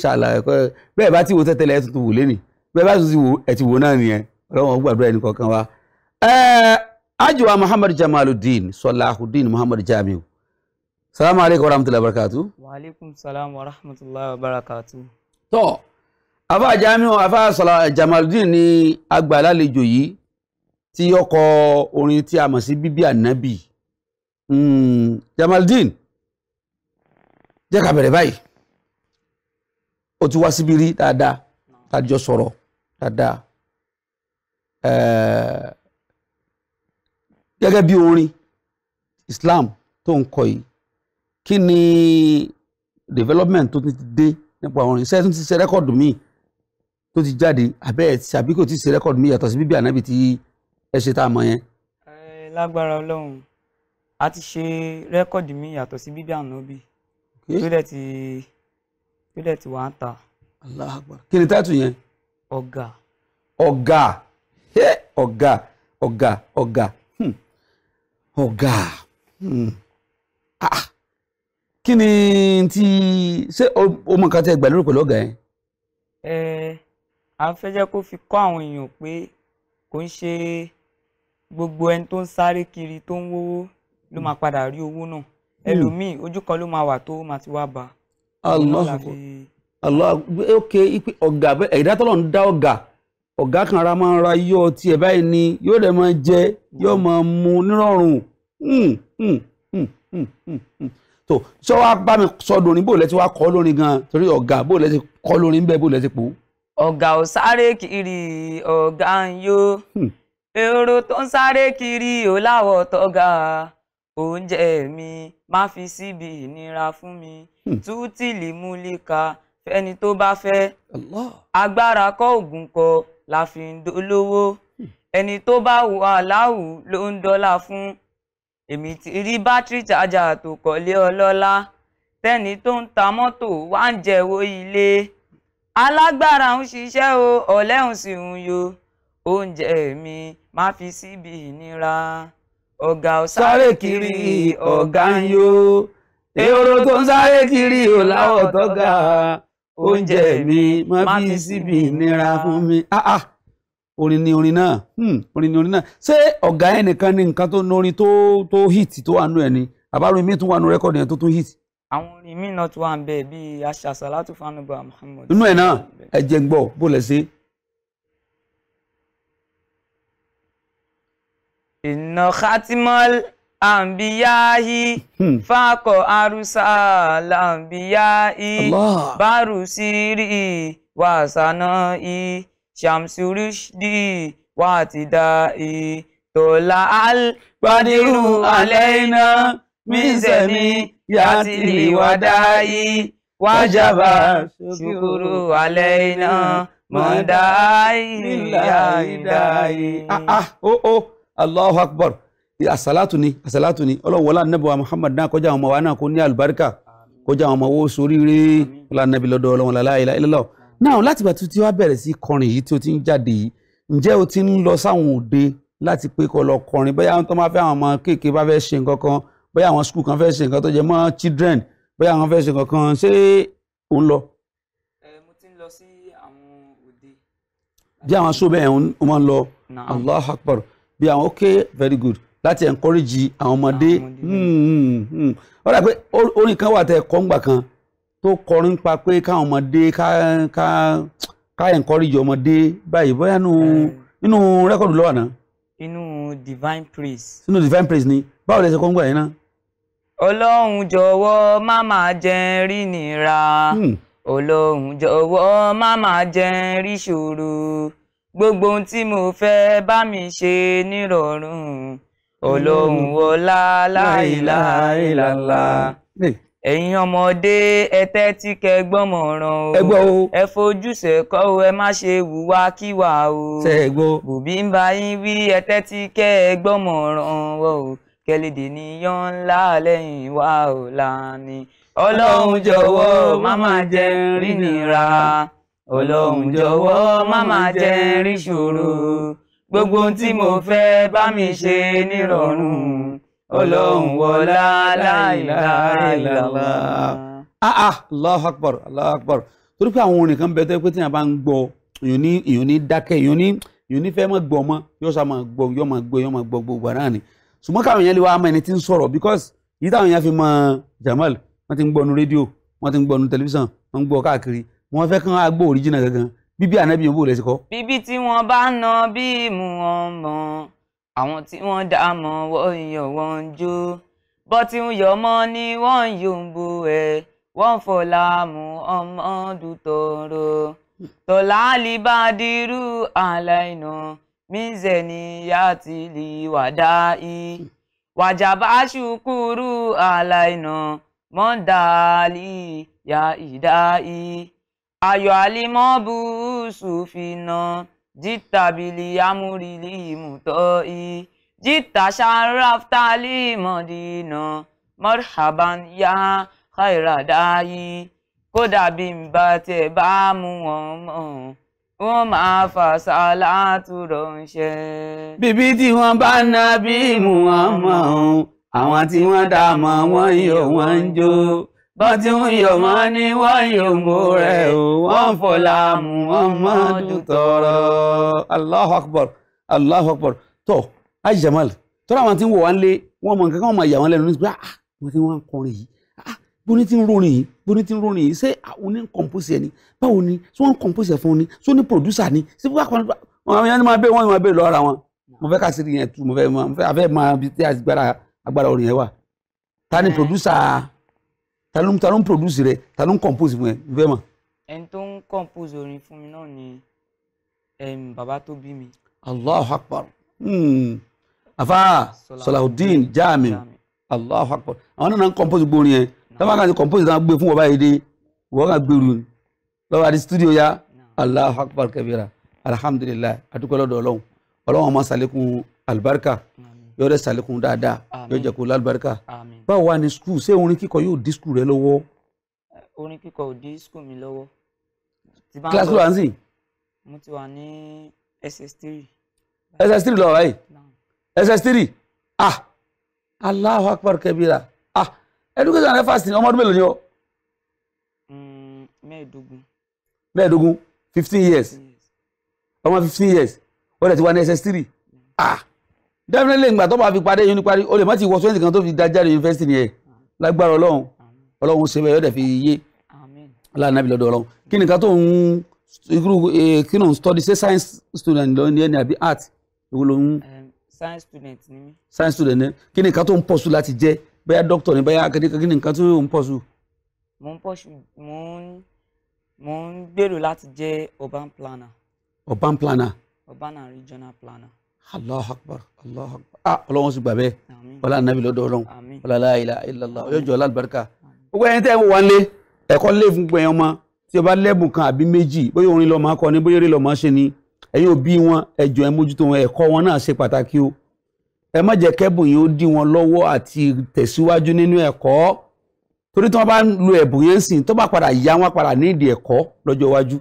ṣàlà ẹ̀kọ́ bẹ́ẹ̀ bá ti wò tẹ́tẹ́lẹ̀ ẹ̀ tuntun wò lẹ́nìí bẹ́ẹ̀ bá tuntun wò ẹ̀ ti wò náà nìyẹn ọlọ́run gbàdúrà ẹnì kọ̀ọ̀kan wa ajiwa muhammad jamaluddin salahuddin muhammad jamiu salamu alaikum warahmatullahi wabarakatuh wa alaikum salam wa rahmatullahi wabarakatuh tó afa jamiu afa sala eh, jamaluddin ni agba lálejò yìí tí ó kọ orin tí a mọ̀ sí bíbí ànábì mm, jamaluddin jẹ́ ká bẹ̀rẹ̀ báyìí ó ti wá síbi rí dáadáa tá a jọ sọ̀rọ̀ gẹ́gẹ́ bí orin Islam tó ń kọ yìí kí ni development tó ti dé nípa orin ṣé tó ti ṣe rẹ́kọ̀dù míì tó ti jáde abẹ́ ẹ̀ tàbí kò ti ṣe rẹ́kọ̀dù míì yàtọ̀ sí bíbí ànábì tí ẹ ṣe tá a mọ̀ yẹn. lágbára Ọlọ́run a ti ṣe rẹ́kọ̀dù míì yàtọ̀ sí bíbí ànábì tó dẹ̀ ti tó dẹ̀ ti wà ń ta. Allah Akbar kí ni táìtù yẹn. ọ̀gá. ọ̀gá ọ̀gá ọ̀gá ọ̀gá. Hmm ọ̀gá hmm. ah, kí ni ti ṣé o mọ nǹkan tí ẹ gbà lórí pẹ̀lú ọ̀gá yẹn. ẹ a fẹ́ jẹ́ kó fi kọ́ àwọn èèyàn pé kò ń ṣe gbogbo ẹni tó ń sáré kiri tó ń wówó ló máa hmm. padà rí owó náà hmm. ẹlòmíì ojú kan ló máa wà tó máa ti wá bá a. Allah Allah ok ọ̀gá ẹ̀dá tọ́lọ̀ ń dá ọ̀gá ọ̀gá kan ra máa ń ra yọ ọtí ẹ̀ báyìí ni yóò dẹ̀ máa jẹ yóò mm. máa mu nírọ̀rùn hmm, hmm, hmm, so ṣé wàá bá mi sọ lórin bó lẹ ti wá kọ́ lórin gan torí ọ̀gá bó lẹ ti kọ́ lórin bẹ́ẹ̀ bó lẹ ti pò. ọ̀gá ò sáré kiri ọ̀gá ń yó èrò tó ń sáré kiri ò láwọ̀ tọ́gà oúnjẹ mi má fi síbi ìnira fún mi tútìlì múlíkà fẹ́ni tó bá fẹ́ agbára kọ́ ògùn kọ́ la fi ń dolówó ẹni tó bá wù aláwù ló ń dọ́là fún èmi ti rí bátìrì tájà tó kọ́lé ọlọ́lá tẹ́ni tó ń ta mọ́tò wá ń jẹ́wọ́ ilé alágbára ń ṣiṣẹ́ o ọ̀lẹ ń sì ń yo oúnjẹ mi má fi síbi ìnira ọ̀gá ò sáré kiri ọ̀gá ń yo èrò tó ń sáré kiri ò láwọ̀ tọ́gà oúnjẹ mi má fi síbi ìnira fún mi ah, ah. orin ni orin náà hmm, orin ni orin náà ṣé ọ̀gá ẹnìkan ni nǹkan tó norin tó tó hit tó wà nù ẹ̀ ni àbárin mi tún wà nù rẹ́kọ̀dì yẹn tó tún hit. àwọn orin mi náà tún wà ń bẹ bíi aṣàṣà láti fanubà Muhammad. inú ẹ̀ náà ẹ jẹ́ gbọ́ bó lẹ ṣe. ìnà khatimol anbiyahi hmm. fako arusa lambiyahi barusiri wasanai shamsurishdi watidai tola al badiru alaina mizemi yatili wadai wajaba shukuru alaina mandai ilahi dai. ah ah oh oh allahu akbar àsálàtù ni àsálàtù ni ọlọ́run wọlá nẹ́bọ̀ muhammad náà kọjá àwọn ọmọ wa náà kó ní àlùbáríkà kọjá àwọn ọmọ owó sórí rí ọlá nẹ́bí lọ́dọ̀ ọlọ́run làlá ilá ilá náà láti ìgbà tí wàá bẹ̀rẹ̀ sí kọrin yìí tí o ti ń jáde yìí ǹjẹ́ o ti ń lọ sáwọn òde láti pé kó lọ kọrin bóyá tó máa fẹ́ àwọn ọmọ kéèké bá fẹ́ ṣe nǹkan kan bóyá àwọn skul kan fẹ́ ṣe nǹkan tó jẹ mọ́ children bóyá àwọn fẹ́ ṣe nǹkan kan ṣé o ń lọ. mo ti ń lọ sí àwọn òde. bí àwọn sóbẹ̀ ẹ̀ ń máa ń lọ Allah akbar bí àwọn ok very good láti ẹ̀ńkọ́rẹ́jì àwọn ọmọdé hmm, hmm, hmm. ó dà pé orin kan wà tẹ ẹ̀kọ́ ńgbà kan tó kọrin pa pé káwọn ọmọdé ká ká ká ẹ̀ńkọ́rẹ́jì ọmọdé báyìí bóyá nínú rẹ́kọ̀dù lọ́wọ́ náà. inú divine praise. inú divine praise ni báwo lẹ ṣe kọ́ ńgbà yẹn náà. ọlọ́run jọ̀wọ́ má máa jẹ́ rí nira ọlọ́run jọ̀wọ́ má máa jẹ́ rí ṣòro gbogbo ohun tí mo fẹ́ bá mi ṣe nírọ̀rùn olóhùn ọlá láìláìlàlá ẹ̀yin ọmọdé ẹ tẹ́tí kẹ gbọ́mọ̀ràn o ẹ fojúṣe kọ́ o ẹ má ṣe wùwá kíwà o bùbí ń bá yín wí ẹ tẹ́tí kẹ gbọ́mọ̀ràn o kẹlẹ́dì níyàn ńlá lẹ́yìn wá o lánìí ọlọ́run jọ̀wọ́ má jẹ́ rí nira ọlọ́run jọ̀wọ́ má má jẹ́ rí ṣòro gbogbo tí mo fẹ́ bá mi ṣe nírọ̀rùn ọlọ́run wọlá láìláà ìlàlá. Ah, ah, Allahu Akbar Allahu Akbar torí pé àwọn orin kan bẹ tó yẹ pé tí yàrá bá ń gbọ́ èèyàn ní èèyàn ní dákẹ́ èèyàn ní èèyàn ní fẹ́ mọ́ gbọ́ mọ́ yóò sá máa gbọ́ yóò máa gbọ́ yóò máa gbọ́ gbogbo náà ni ṣùgbọ́n káwọn èèyàn lè wá mọ ẹni tí ń sọ̀rọ̀ because yìí táwọn èèyàn fi mọ Jamal wọ́n ti ń gbọ́ nu rédíò wọ́n ti ń gbọ́ nu tẹlifíṣàn wọ́n ń gbọ́ káàkiri wọ́n fẹ́ kán á gbọ́ gangan bíbí ànábì yòówù lẹ sí kọ. bíbí tí wọ́n bá na bí mu ọmọ àwọn tí wọ́n dá mọ wọ́n yọ wọ́n jó bọ́ tí ń yọ ọmọ ni wọ́n yòǹbo ẹ̀ wọ́n fọlá mu ọmọ dùtọ̀rọ̀ tọ̀lá libadirú àlàyé mizẹ̀ni yàtì lè wàdá i wàjàbá ṣukúrú àlàyé mọ́ndàlì yà ìdá i ayọ̀ alimọ́ búùsù fìnà jíta bìlì amúrìlì ìmùtọ́ i jíta ṣàǹráftà límọ̀dínà marhaban ya khairadayi kódà bí n bá tẹ̀ bá mú wọn mọ́ wọ́n máa fà sálátù ránṣẹ́. bíbí tí wọ́n bá ná bí mú àwọn tí wọ́n dá mọ́ wọ́n yọ̀ wọ́n ń jó bọ́n ti ń yọ̀ mọ́ ní wọ́n yòǹgbò rẹ̀ o wọ́n fọlá mú wọn mọ́ dùtọ̀rọ̀. Allahu Akbar Allahu Akbar tó Haji Jamal tọ́ra àwọn tí ń wọ̀ ah, wá ń lé wọn mọ nǹkan kan wọn máa yà wọn lẹ́nu nígbà ah wọn ti wọn kọrin yìí ah ti ń rorin yìí bóni ti ń rorin yìí ṣé àwọn ní kọ̀mpósì ẹ̀ ni báwo ni ṣé wọ́n ń kọ̀mpósì ẹ̀ fún ni ṣé wọ́n ní pòdúsà ni ṣé wọ́n kọ́ wọn yẹn máa bẹ́ẹ̀ wọ́n máa bẹ́ẹ̀ lọ́ọ́ ra wọn mo fẹ́ ká sí yẹn tu mo fẹ́ máa bí tí agbára orin yẹn wà ta ni pòdúsà ta ló ń ta ló ń produce rẹ ta ló ń compose fún ẹ fẹ́ mọ̀. ẹni tó ń compose orin fún mi náà ni bàbá tó bí mi. allahu akbar afa salahudeen jaami allahu akbar àwọn náà ń compose gbórin yẹn táwọn kan ti compose náà gbé fún wọn báyìí dé wọn kan gbèrú lọ́wọ́ àti studio ya allahu akbar kabira alhamdulilayi adúgbò lọ́dọ̀ ọlọ́run ọlọ́run ọmọ sàlékún alibarika yóò rẹ̀ sàlékún dáadáa yóò jẹ́ kó lálùbáríkà báwo wà ní skul ṣé orin kíkọ yóò dí skul rẹ lọ́wọ́. Eh, orin kíkọ ò dí skul mi lọ́wọ́. kílásì ló wà ń sìn. mo ti wà ní ss3. ss3 lọ wáyé ss3 ah Allahu Akbar kabira ah education and fasting ọmọ ọdún mélòó ni ọ. Mm, mẹ́ẹ̀ẹ́dógún. mẹ́ẹ̀ẹ́dógún fifteen years ọmọ fifteen years ó dẹ̀ ti wà ní ss3 ah definitely ìgbà tó bá fi padé yóni parí o lè má ti wọ twenty kan tó fi dájáde yunifásitì nìyẹn lágbára ọlọ́run ọlọ́run ṣe bẹ́ẹ̀ yóò dẹ̀ fi yé lánàbí lọ́dọ̀ ọlọ́run kí nìkan tó ń e, kí ló ń study ṣé science student lọ ní ẹni àbí art ìwọ ló ń. science student ni science student ni kí nìkan tó ń pursue láti jẹ́ bóyá doctor ni bóyá akadéka kí nìkan tó ń pọ̀sù. mo pursue? pọ̀sù mo ń mo ń gbèrò láti urban planner. urban planner. urban and regional planner allah akbar allah akbar ah ọlọ́wọ́n sì gbà bẹ́ẹ̀ ọlá nàbí lọ́dọ̀ ọlọ́run ọlá la ilaha illallah ọyọ́jọ́ alábàárikà gbogbo ẹni tẹ́ ẹ wà lé ẹ̀kọ́ lé fún gbẹ̀yàn ọmọ tí o bá lẹ́bùn kan àbí méjì bóyá orin lọ́mọ akọ ni bóyá eré lọ́mọ ṣe ni ẹ̀yin òbí wọn ẹ̀jọ̀ ẹ̀ mójútó wọn ẹ̀kọ́ wọn náà ṣe pàtàkì o ẹ má jẹ́ kẹ́bùn yìí ó dí wọn lọ́wọ́ àti tẹ̀síwájú nínú ẹ̀kọ́ torí tí wọ́n bá ń lo ẹ̀bùn yẹn sìn tó bá padà yá wọn padà nídìí ẹ̀kọ́ lọ́jọ́ iwájú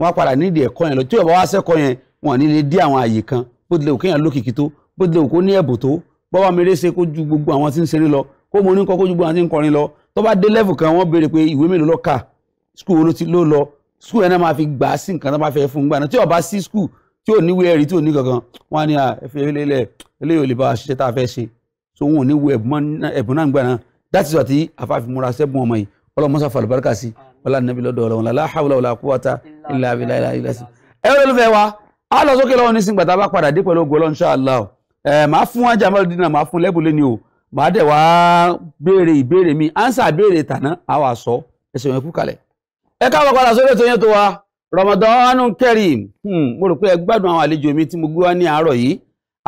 wọn padà nídìí ẹ̀kọ́ yẹn lọ tí ó bá wá sẹ́kọ̀ọ́ yẹn wọn ní lè dí àwọn àyè kan bó tilẹ̀ òkéyàn lókìkí tó bó tilẹ̀ òkó ní ẹ̀bùn tó bọ́wá mi rése kó ju gbogbo àwọn tí ń ṣeré lọ kó mo ní kọ́ kó ju gbogbo àwọn tí ń kọrin lọ tó bá dé level kan wọ́n béèrè pé ìwé mélòó ló kà skul wo ló ti ló lọ skul yẹn náà máa fi gbà á sí nǹkan tó bá fẹ́ fún un gbà náà tí ó bá sí skul tí ò níwèé ẹ̀rí tí ò ní kankan wọ́n á ní à ẹ fi lélẹ̀ eléyìí ò lè bá ṣiṣẹ́ tá a fẹ́ ṣe so wọn ò ní wo ẹ̀bùn náà gbà náà that is what àfààfin múra sẹ́bùn ọmọ yìí ọlọ́mọṣà fàlùbáríkà sí ọlá nàbí lọ́dọ̀ ọlọ́run làlá hàwùlà ọ̀là kúwàtà ìlà àbílà ìlà ìlà sí. ẹ a lọ sókè lọ́wọ́ nísìnyí gbàtà bá padà dé pẹ̀lú ogun ọlọ́run ṣáàlá o màá fún ajá mọ́ dínà màá fún lẹ́bùn lẹ́ni o màá dẹ̀ wá béèrè ìbéèrè mi ánsà béèrè tàná àwa sọ ẹsẹ̀ yẹn kú kalẹ̀. ẹ káàbọ̀ padà sórí ètò yẹn tó wa Ramadan Kareem hmm, mo rò pé ẹ gbádùn àwọn àlejò mi tí mo gbé wá ní àárọ̀ yìí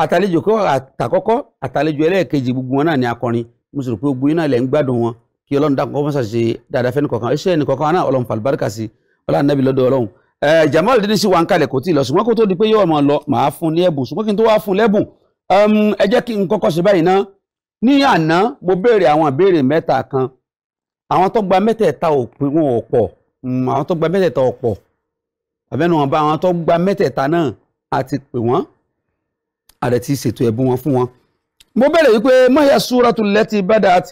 àtàlejò àtàkọ́kọ́ àtàlejò ẹlẹ́ẹ̀kejì gbogbo wọn náà ní akọrin mo sì rò pé gbogbo yín náà lẹ̀ ń gbádùn wọn kí ọlọ́run dákun kọ́ mọ́sàṣe dáadáa fẹ́ni kọ̀ọ̀kan iṣẹ́ ẹnì kọ̀ọ̀kan náà ọlọ́run fàlùbáríkà sí ọlọ́run nábì lọ́dọ̀ ọlọ́run Jamal Idris wà ń kalẹ̀ kò tí ì lọ ṣùgbọ́n kó tó di pé yóò mọ̀ lọ màá fún ní ẹ̀bùn ṣùgbọ́n kí n tó wá fún lẹ́bùn um, ẹ jẹ́ kí n kọ́kọ́ ṣe báyìí náà ní àná mo béèrè àwọn ìbéèrè mẹ́ta kan àwọn tó gba mẹ́tẹ̀ẹ̀ta ò pín wọn ò pọ̀ hmm, àwọn tó gba mẹ́tẹ̀ẹ̀ta ò pọ̀ àbẹ́nu wọn bá àwọn tó gba mẹ́tẹ̀ẹ̀ta náà àti pè wọ́n àrẹ ti ṣètò ẹ̀bùn wọn fún wọn. mo béèrè wípé mahiya suratul lati badat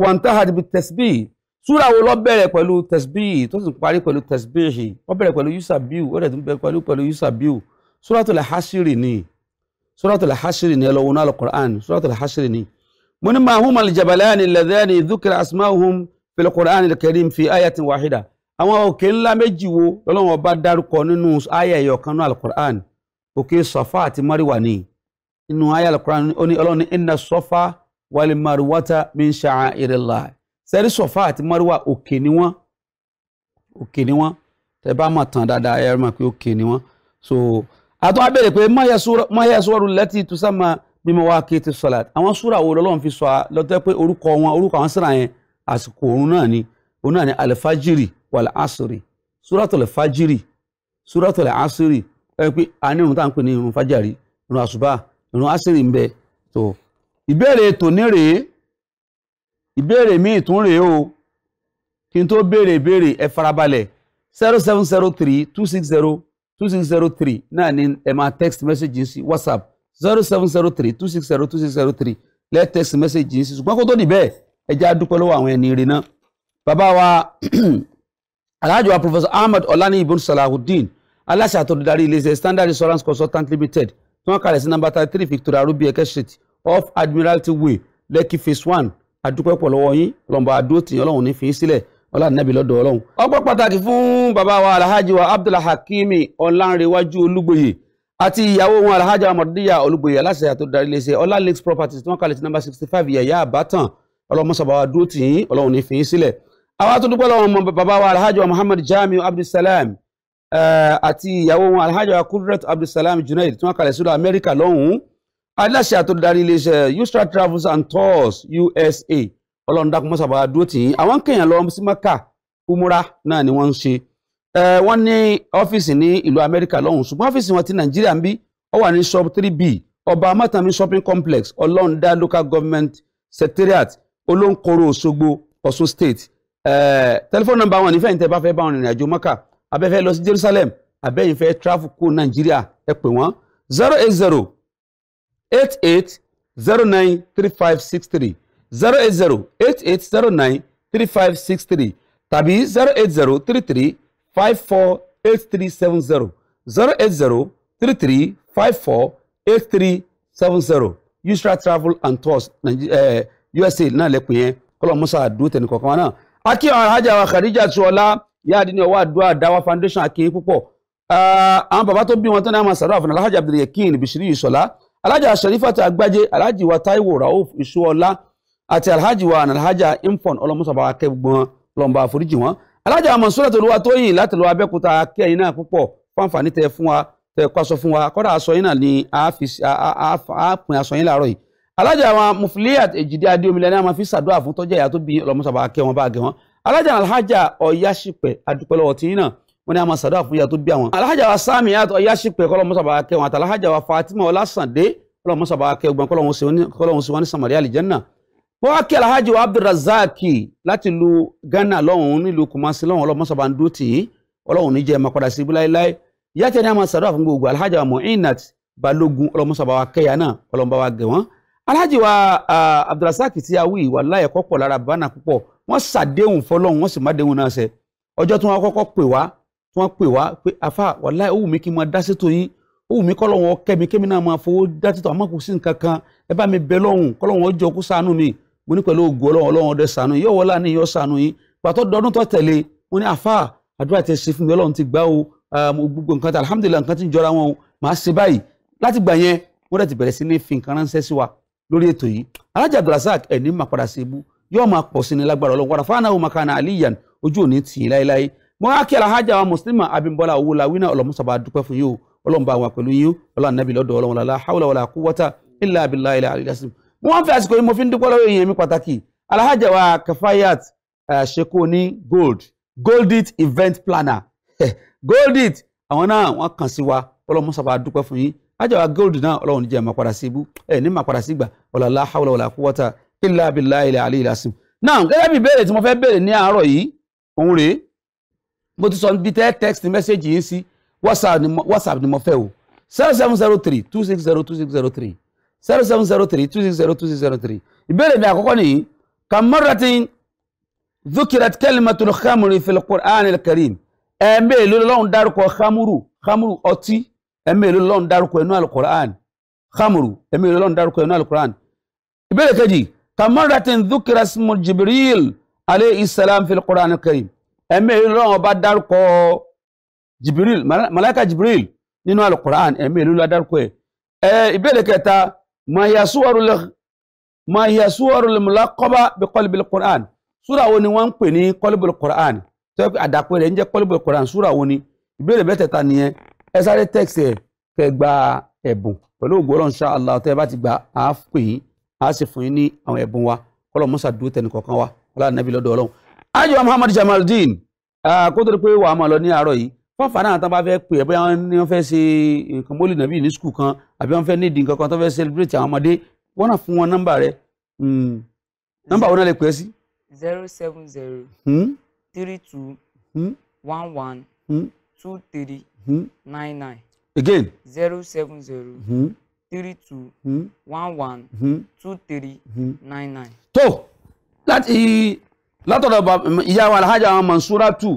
wantahat bitasbih súra wo ló bẹ̀rẹ̀ pẹ̀lú tẹ̀sbíì tó sì parí pẹ̀lú tẹ̀sbíì wọ́n bẹ̀rẹ̀ pẹ̀lú yusabiu ó dẹ̀ tún bẹ̀rẹ̀ pẹ̀lú pẹ̀lú yusabiu súratul hasiri ni súratul hasiri ni ẹlọ́wọ́n náà al-Qur'an súratul hasiri ni. mo ní máa huma al-jabalani alladhani dhukira asma'uhum fil Qur'an al-karim fi ayatin wahida àwọn òkè ńlá méjì wo lọ́lọ́wọ́n bá dárúkọ nínú aya ẹ̀yọ̀kan náà al-Qur'an òkè Safa àti Marwa ni inú aya al-Qur'an ó ní ọlọ́ni inna Safa sẹ́rí sọ̀fà àti mọ́ríwá òkè ni wọ́n òkè ni wọ́n tẹ bá mọ̀ tán dáadáa ẹ mọ̀ pé òkè ni wọ́n so àtọ́ abẹ́rẹ́ pé mọ́yẹ sọ́ọ́rù lẹ́tì tùsánmà mímọ́ wá kí ti sọ̀là àwọn súrà wo lọ́lọ́run fi sọ lọ́tọ́ pé orúkọ wọn orúkọ àwọn síra yẹn àsìkò òun náà ni òun náà ni alifajiri wàlẹ̀ asiri súrọ̀tọ̀lẹ̀ fajiri súrọ̀tọ̀lẹ̀ asiri ẹ pé a ní irun tá à ń pè ní irun fajari irun àṣùbà irun asiri ń bẹ tó ìbéèrè tòní rèé ìbéèrè míì tún rèé o kí n tó béèrè ìbéèrè ẹ farabalẹ̀ zero seven zero náà ni ẹ máa text message sí whatsapp zero seven zero lẹ́ẹ̀ text message sí ṣùgbọ́n kó tó dì bẹ́ẹ̀ ẹ jẹ́ àdúpẹ́ lọ́wọ́ àwọn ẹni rẹ̀ náà bàbá wa alhaji wa professor ahmed olani Ibun salahuddin aláṣà tó darí iléeṣẹ́ standard insurance consultant limited tí wọ́n kalẹ̀ sí number thirty three victoria rubi eke street off admiralty way lekki phase one adúpẹ́ pọ̀ lọ́wọ́ yín ọlọ́mọba adúró tìyàn ọlọ́run ní fi í sílẹ̀ ọlá nẹ́bí lọ́dọ̀ ọlọ́run. ọpẹ́ pàtàkì fún bàbá wa alhaji wa abdulhakimi ọlánrewájú olúgbòye àti ìyàwó wọn alhaji amadiya olúgbòye aláṣẹ àti olùdarí iléeṣẹ́ ọlá lakes properties tí wọ́n kalẹ̀ sí number sixty five yẹ̀yà àbátan ọlọ́mọsọ̀bà wa dúró tìyín ọlọ́run ní fi í sílẹ̀. àwa tó wa muhammad jamiu abdulsalam eh, àti ìyàwó wa kudrat abdulsalam junaid tí wọ́n kalẹ̀ sí lọ aláṣẹ àtòdarí iléeṣẹ́ Usra Travels and Tours USA ọlọ́run dákun mọ́sàbà dúró tì yín àwọn kéèyàn lọ sí Mẹ́kà umura náà ni wọ́n ń ṣe wọ́n ní ọ́fíìsì ní ìlú Amẹ́ríkà lọ́hùn ṣùgbọ́n ọ́fíìsì wọn ti Nàìjíríà ń bí ó wà ní shop three b ọba amátàmí shopping complex ọlọ́ọ̀dá local government secretariat olóńkoro Òṣogbo Ọ̀ṣun state tẹlifóònù nọ́mbà wọn nífẹ̀ẹ́ níta bá fẹ́ bá wọn rìnrìn àjò Mẹ́kà abẹ́fẹ́ lọ sí Jerusalem abẹ́yìn fẹ́ travel kó Nàìjíríà ẹ pè wọ́n zero eight zero eight eight zero nine three five six three zero eight zero eight eight zero nine three five six three tàbí zero eight zero three three five four eight three seven zero zero eight zero three three five four eight three seven zero Usra Travel and Tours eh, USA náà lẹ́kùn yẹn kọ́lọ̀ musa dúró tẹ̀lé kọ̀ọ̀kan náà. akí àwọn arájà wa Khadija tuola yáàdì ní ọwọ́ àdúrà dáwà foundation akínyìn púpọ̀ ah, àwọn bàbá tó bí wọn tó ní àwọn sàrọ̀ àfọ̀nà Alhaji Abdul Yakin Bishiri Yusola alájà sharifat agbájé alájì wa taiwo rauf isuola àti alhaji wa alhaja infon ọlọmọsọba akẹ gbogbo wọn lọmọba àforíjì wọn alájà mansoura tó lówà tó yìn láti lọ abẹ́kúta akẹ́ yín náà púpọ̀ fáǹfààní tẹ fún wa tẹ kó fún wa kọ́dà aṣọ yín náà ni àápin aṣọ yín láàárọ̀ yìí alájà wa mufiliat èjìdí adéomilẹ náà máa fi ṣàdúrà fún tọ́jà ìyá tó bí ọlọmọsọba akẹ́ wọn bá gẹ wọn alájà alhaja ọ̀yáṣípẹ̀ adúpẹ́lọ́wọ́ tí yín náà wọ́n ní a máa sàdúrà fún ìyá tó bí àwọn. alhaja wa sami yàtọ̀ yasipẹ̀ kọ́lọ́mọ́sàbà kẹ́ wọn àti alhaja wa fatima ọlásàndé kọ́lọ́mọ́sàbà kẹ́ gbọ́n kọ́lọ́mọ́ sí wọn ní samaria alijanna. wọ́n wá kí alhaji wa abdulrazaki láti lu ghana lọ́hùn nílùú kumasi lọ́hùn ọlọ́mọ́sàbà ń dúró tì í ọlọ́hùn ní jẹ́ ẹ̀ máa padà sí ibúláíláí yàtọ̀ ní a máa sàdúrà fún gbogbo alhaja wa muinat balógun ọlọ́mọ́sàbà wa kẹ́yà náà ọlọ́mọba wa gẹ̀ wọ́n wa abdulrazaki ti awi wàláyé kọ́pọ̀ lára bánà púpọ̀ wọ́n sàdéhùn fọlọ́hùn wọ́n sì má déhùn náà tí wọ́n kọ́kọ́ pè wá tí wọ́n pè wá pé afa wàláì ó wù mí kí n máa dá sétò yín ó wù mí kọ́lọ́wọ́n kẹ́mi kẹ́mi náà máa fowó dá sétò àmọ́ kò sí nǹkan kan ẹ bá mi bẹ lọ́hùn kọ́lọ́wọ́n jọ kó ṣàánú mi mo ní pẹ̀lú ògo ọlọ́run ọlọ́run ọdẹ ṣàánú yóò wọlé àní yóò ṣàánú yín pàtó dọdún tó tẹ̀lé mo ní afa àdúrà tẹ ṣe fún mi ọlọ́run ti gbà o gbogbo nǹkan tí alhamdulilayi nǹkan ti jọra wọn o màá ṣe báyìí láti gbà yẹn wọ́n dẹ̀ ti bẹ̀rẹ̀ sí ní fi nǹkan ránṣẹ́ sí wa lórí ètò yìí alhaji makana aliyan ojú òní tì mo á alahajà wa muslima abimbola owólawí náà ọlọmọ sábà dúpẹ́ fún yìí o ọlọ́run bá wa pẹ̀lú yìí o ọlọ́run nàbí lọ́dọ̀ ọlọ́run làlá hawla wàlà quwwata illa billahi ilà àlìlá sí i. mo wá ń àsìkò yìí mo fi ń dúpẹ́ lọ́wọ́ èèyàn mi pàtàkì alahajà wa kafayat ṣeko ní gold goldit event planner goldit àwọn náà wọ́n kàn sí wa ọlọ́run sábà dúpẹ́ fún yìí ajáwa gold náà ọlọ́run jẹ́ máa padà sí ibú ẹ̀ ní máa padà sí ìgbà ọ̀làlá i. náà mo ti sọ níbi tẹ́ text message yìí sí whatsapp ni mo whatsapp ni mo fẹ́ o zero seven zero three two six zero two six zero three zero seven zero three two six zero two six zero three ìbéèrè mi àkọ́kọ́ nìyí kàmọ́rọ̀tì dhukirat kalimatul khamri fil qur'an al-karim ẹ̀ẹ́mẹ́ ìlú lọ́run dárúkọ khamuru khamuru ọtí ẹ̀ẹ́mẹ́ ìlú lọ́run dárúkọ inú al-qur'an khamuru ẹ̀ẹ́mẹ́ ìlú lọ́run dárúkọ inú ìbéèrè kejì kàmọ́rọ̀tì dhukirat ismu jibril alayhi salam fil qur'an al-karim ẹ̀mẹ́rin lọ́wọ́n bá dárúkọ jibril malaika jibril nínú alukur'an ẹ̀mẹ́rin ló dárúkọ ẹ̀ ẹ̀ ìbéèrè kẹta mahiyasuwaru mulakọba bí kọlbìl kur'an súra wo ni wọ́n ń pè ní kọlbìl kur'an tó yẹ kó àdàpọ̀ rẹ̀ ń jẹ́ kọlbìl kur'an súra wo ni ìbéèrè mẹ́tẹ̀ẹ̀ta nìyẹn ẹ sáré tẹ́ẹ̀sì ẹ̀ kẹ́ gba ẹ̀bùn pẹ̀lú ògbóràn insha Allah tẹ́ ẹ bá ti gba àáfù yìí a sì fún yín ní àwọn ẹ̀bùn wa kọ́lọ̀ mọ́sà dúró tẹnìkọ̀ọ̀kan wa ọlá nàbí lọ́dọ̀ ọlọ́run ayọ̀ muhammad jamaldeen kó tó di pé wàá máa lọ ní àárọ̀ yìí fọ́nfà náà tán bá fẹ́ pè é bóyá wọ́n ní wọ́n fẹ́ ṣe nǹkan mọ́lì nàbí ní skul kan àbí wọ́n fẹ́ ní ìdí nǹkan kan tó fẹ́ celebrate àwọn ọmọdé wọ́n náà fún wọn nọ́mbà rẹ hmm. nọ́mbà wo náà lè pè é sí. zero seven zero hmm. three two hmm. one one two three nine nine. again. zero seven zero three two one one two three nine nine. tó láti látọ̀dọ̀ ìyá wa alhaja àwọn mansuratu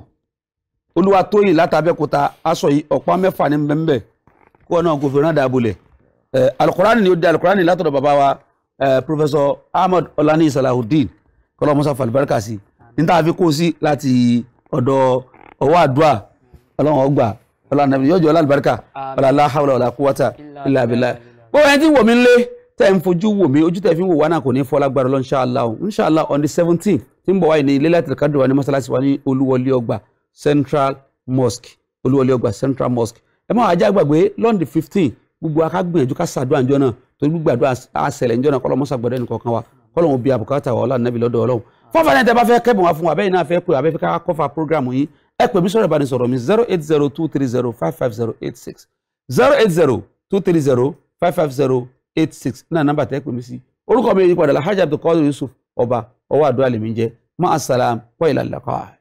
Olúwatóyìn látàbẹ́kúta aṣọ yìí ọ̀pá mẹ́fà ní bẹ́ńbẹ́ kó náà kò fi rán dàbọ̀lẹ̀ alukurani ni ó di alukurani látọ̀dọ̀ bàbá wa Professor Ahmad Olani Salahuddin kọlọ́ musa falibarika sí níta fi kó sí láti ọ̀dọ̀ ọwọ́ àdúrà ọlọ́run ọgbà ọlọ́run yọjọ́ ọlá alibarika ọlọ́run aláhàwọ̀lá ọlá kúwátà ilà abilà bó ẹni tí wọ̀ mí ń lé tẹ́ ń fojú wò mí ojú tẹ́ fi ń wò wá náà kò ní fọ́ lágbára lọ inshallah inshallah on the seventeen tí ń bọ̀ wáyé ní ilé láti kàdùn wa ní mọ́sálásí wa ní olúwọlé ọgbà central mosque olúwọlé ọgbà central mosque ẹ má ajá gbàgbé lọ́ndì fifteen gbogbo akágbìyànjú ká sàdúrà ńjọ náà torí gbogbo àdúrà àṣẹlẹ̀ ńjọ náà kọ́lọ́mọ́sà gbọ́dọ̀ ẹnì kọ̀ọ̀kan wa kọ́lọ́mù bíi àbùkátà wa ọlá nàbì lọ́dọ̀ ọlọ́run fọ́fà náà tẹ bá fẹ́ kẹ́bùn wa fún wa bẹ́ẹ̀ náà fẹ́ pé abẹ́fẹ́ ká kọ́fà program yìí ẹ pè mí sọ̀rọ̀ ìbánisọ̀rọ̀ mi zero eight zero two three zero five five zero eight six zero eight zero two three zero five five zero eight six náà nọ́mbà tẹ́ pè mí sí orúkọ mi yí padà Alhaji Abdulkadir Yusuf ọba ọwọ́ àdúrà lèmi jẹ́ máa sàlám wọ́n ìlànà kọ́